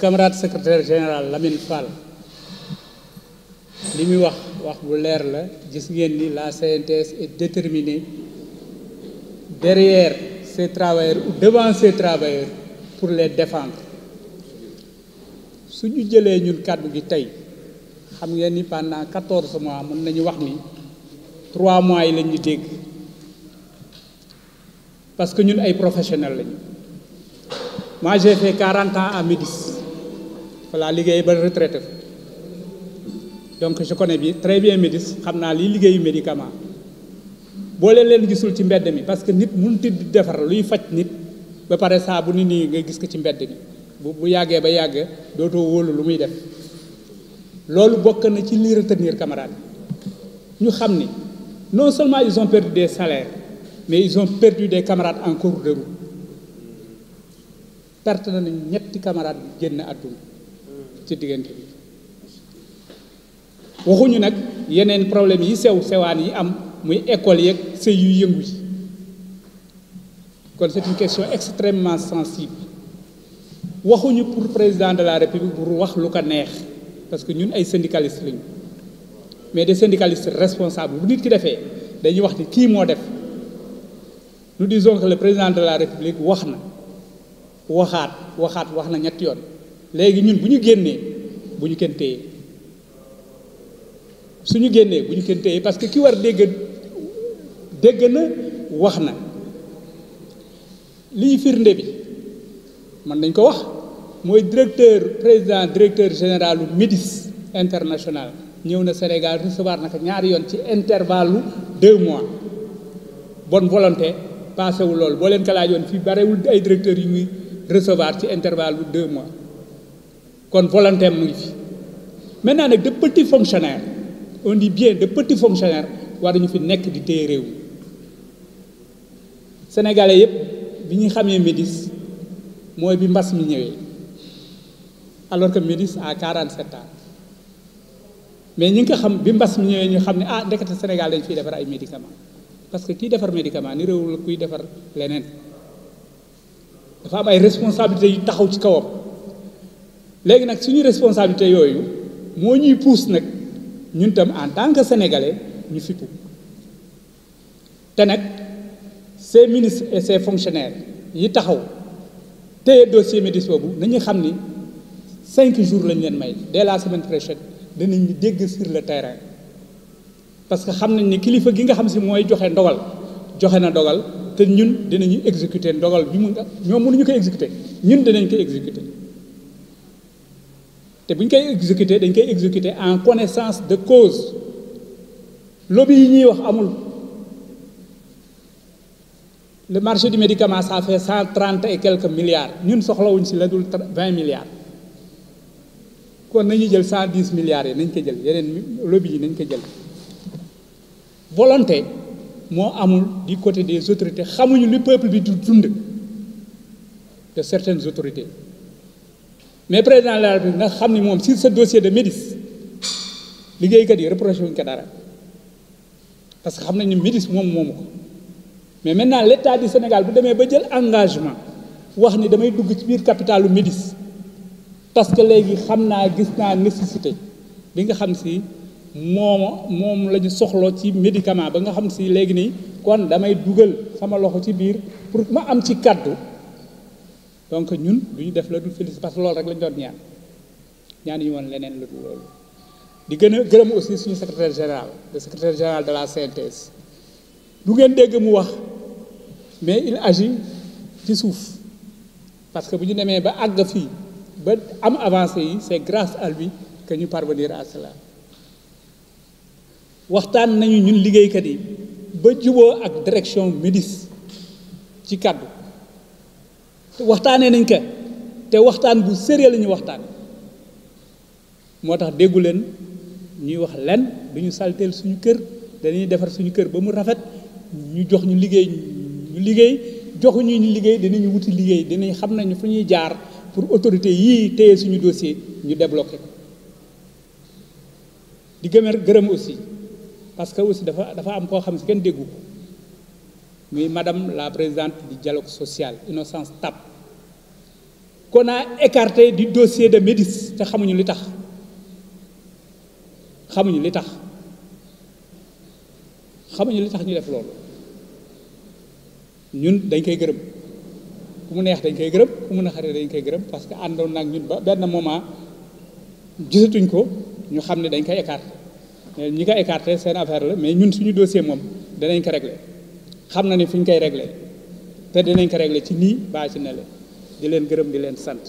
camarade secrétaire général Lamine Fall li muy wax wax bu leer la gis ngeen ni la CNTS est déterminée derrière ces travailleurs ou devant ces pour les défendre su ñu jëlee ñun kàddu gi tey xam ngeen ni pendant quatorze mois mën nañu wax ni trois mois yi lañu dégg parce que ñun ay professionnels lañu moi j'ai quarante ans à Médis voilà liggéey ba retraité donc je connais bi très bien Médis xam naa liy liggéeyu médicament boo leen leen gisul ci mbedd mi parce que nit mënut defar luy faj nit ba pare saa bu nit ni nga gis ko ci mbedd mi bu bu yàggee ba yàgg dootoo wóolu lu muy def loolu bokk na ci li retenir camarade ñu xam ni non seulement ils ont perdu des salaires mais ils ont perdu des camarades en cours de route perte nañu ñetti camarades génn àdduna ci diggante bi waxuñu nag yeneen problème yi sew sewaan yi am muy école yeeg sëy yu yëngu yi kon c'est une question extrêmement sensible waxuñu pour président de la république pour wax lu ko neex parce que ñun ay syndicalistes lañu mais des syndicalistes responsables bu nit ki defee dañuy wax ni kii moo def nous disons que le président de la république wax na waxaat waxaat wax na ñetti yoon léegi ñun bu ñu génnee suñu parce que ki war dégg dégg na bi directeur président directeur général du international ñëw na Sénégal recevoir naka ñaari yoon deux mois bonne volonté passé wu loolu recevoir intervalle deux mois kon volontaire mu ngi fi maintenant nag de petits fonctionnaires on dit bien de petits fonctionnaires war ñu fi nekk di téye réew mi sénégalais yëpp bi ñu xamee Médis mooy bi mbas mi ñëwee alors que Médis à 47 ans mais ñi nga xam bi mbas mi ñëwee ñu xam ne ah ndekete Sénégal dañ fiy defar ay médicaments parce que kiy defar médicament ni réewul kuy defar leneen dafa am ay responsabilités yu taxaw ci kawam. léegi nag suñu responsabilité yooyu moo ñuy puus nag ñun tam en tant que sénégalais ñu fippu te nag ces ministre et ces fonctionnaires yi taxaw téye dossier Médis boobu nañu xam ni cinq jours lañ leen may dès la semaine prochaine danañ ñu dégg sur le terrain parce que xam nañ ni kilifa gi nga xam si mooy joxe ndogal joxe na dogal te ñun dinañu exécuter ndogal bi mu nga ñoom mënuñu ko exécuter ñun dinañ ko exécuter Et vous exécuté, exécuter, exécuter en connaissance de cause. Le marché du médicament, ça fait 130 et quelques milliards. Nous avons 20 milliards. Quand nous avons 110 milliards, nous avons pris l'objet. Nous avons volonté moi amul du côté des autorités xamuñu li peuple bi du de certaines autorités mais président de la République nag xam ni moom sur ce dossier de MEDIS liggéeykat yi reproché wuñ ko dara parce que xam nañu MEDIS moom moomu ko mais maintenant l' état du Sénégal bu demee ba jël engagement wax ni damay dugg ci biir capitalu MEDIS parce que léegi xam naa gis naa nécessité bi nga xam si moom moom lañu ñu soxloo ci médicament ba nga xam si léegi ni kon damay dugal sama loxo ci biir pour ma am ci kàddu donc ñun du ñu def la dul félicité parce que loolu rek lañ doon ñaan ñaan ñu woon leneen lu dul loolu di gën a gërëm aussi suñu secrétaire général le secrétaire général de la CNTS du ngeen dégg mu wax mais il agit ci suuf parce que bu ñu demee ba àgg fii ba am avancé yi c'est grâce à lui que ñu parvenir à cela waxtaan nañu ñun liggéeykat yi ba juboo ak direction médis ci waxtaanee nañ ko te waxtaan bu sérieux la ñuy waxtaan moo tax déggu leen ñuy wax lenn duñu salteel suñu kër dañuy defar suñu kër ba mu rafet ñu jox ñu liggéey ñu liggéey joxuñu ñu liggéey dinañu wuti liggéey dinañ xam nañu fu ñuy jaar pour autorité yii téye suñu dossier ñu débloqué di gëmer gërëm aussi parce que aussi dafa dafa am koo xam si kenn déggu ko mais Madame la Présidente du dialogue social, Innocence Tap, qu'on a écarté du dossier de Médis, te xamuñu li tax xamuñu ñu def ñun dañ koy gërëm neex dañ koy gërëm dañ parce que nak ñun moment ko ñu dañ écarté ñi ko écarté affaire mais ñun suñu dossier moom danañ ko xam na ni fi ñu koy réglé te nañ ko regle ci nii baa ci ne di leen gërëm di leen sant